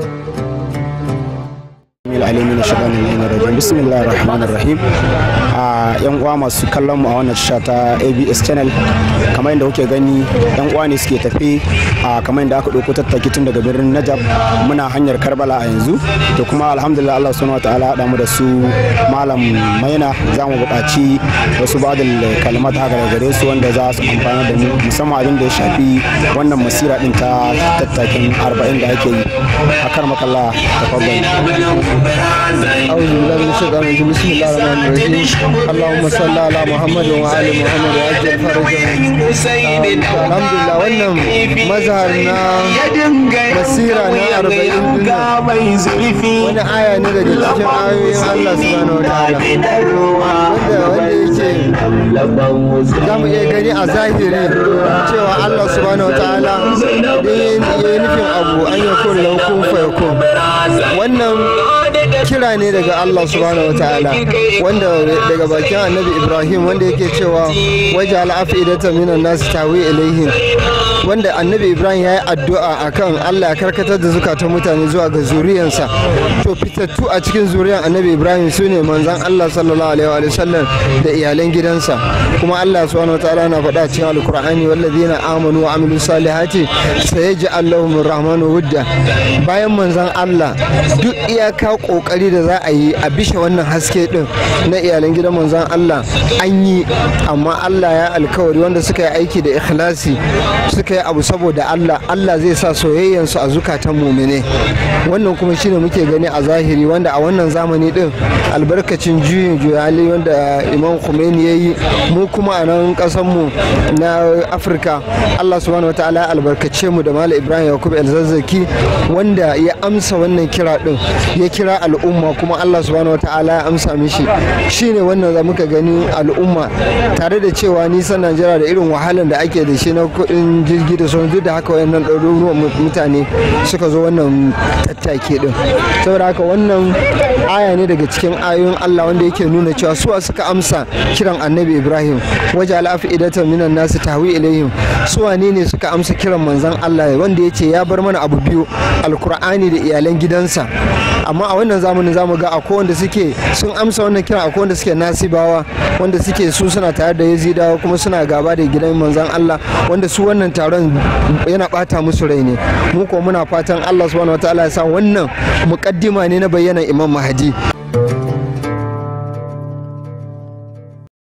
Thank you. bismillah alimin shaɗan yanar rajin bismillah rahman rahim a ah, yan uwa masu kallon mu a wannan tasha ta abs channel kamar yadda kuke gani yan uwa ne suke tafi a ah, kamar yadda aka ɗauko tattaki tun daga birnin najab muna hanyar karbala a yanzu da kuma alhamdulillah allah subhanahu ala haɗa mu da su malam maina za mu buƙaci wasu badin kalimat haka daga gare su wanda za su amfana da mu musamman abin da ya shafi wannan masira ɗin ta tattakin arba'in da ake yi a kar makalla da أعوذ بالله من الشيطان الرجيم بسم الله الرحمن الرحيم اللهم صل على محمد وآل محمد وأجل فرجهم الحمد لله wannan mazhar na basira na arba'in wani aya ne daga cikin ayoyin Allah subhanahu wa ta'ala wanda wanda yake za mu iya gani a zahiri cewa Allah subhanahu wa ta'ala da ya nufin abu an yakun lahu kun fayakun wannan kira ne daga Allah subhanahu wa ta'ala wanda daga bakin annabi Ibrahim wanda yake cewa waje al'afidata minan nasu tawi ilaihin wanda annabi ibrahim ya yi addu'a a kan allah ya karkatar da zukatan mutane zuwa ga zuriyansa to fitattu a cikin zuriyar annabi ibrahim su ne manzan allah sallallahu alaihi wa sallam da iyalan gidansa kuma allah subhanahu wataala na faɗa cikin alkur'ani walladina amanu wa amilu salihati sayaji allahumur rahmanu wudda bayan manzan allah duk iyaka kokari da za a yi a bishe wannan haske din na iyalan gidan manzan allah an yi amma allah ya alkawari wanda suka yi aiki da ikhlasi suka suka yi abu saboda Allah Allah zai sa soyayyansu a zukatan mumine wannan kuma shine muke gani a zahiri wanda a wannan zamani din albarkacin juyin juyali wanda Imam Khomeini yayi mu kuma a nan kasan mu na Afirka Allah subhanahu wataala albarkace mu da Malam Ibrahim Yakub El-Zazzaki wanda ya amsa wannan kira din ya kira al'umma kuma Allah subhanahu wataala ya amsa mishi shine wannan za muka gani al'umma tare da cewa nisan Najeriya da irin wahalan da ake da shi na kuɗin jirgin jirgi da sauran duk da haka wayannan ɗaruruwan mutane suka zo wannan tattaki din saboda haka wannan aya ne daga cikin ayoyin Allah wanda yake nuna cewa suwa suka amsa kiran annabi Ibrahim waje al'afi idatan minan nasu tahwi ilayhim suwa ne ne suka amsa kiran manzon Allah wanda yace ya bar mana abu biyu alkur'ani da iyalan gidansa amma a wannan zamanin zamu ga akwai wanda suke sun amsa wannan kiran akwai wanda suke nasibawa wanda suke su suna tare da yazidawa kuma suna gaba da gidan manzon Allah wanda su wannan taro taron yana bata musu rai ne mu ko muna fatan Allah subhanahu wataala ya sa wannan mukaddima ne na bayyana Imam mahadi.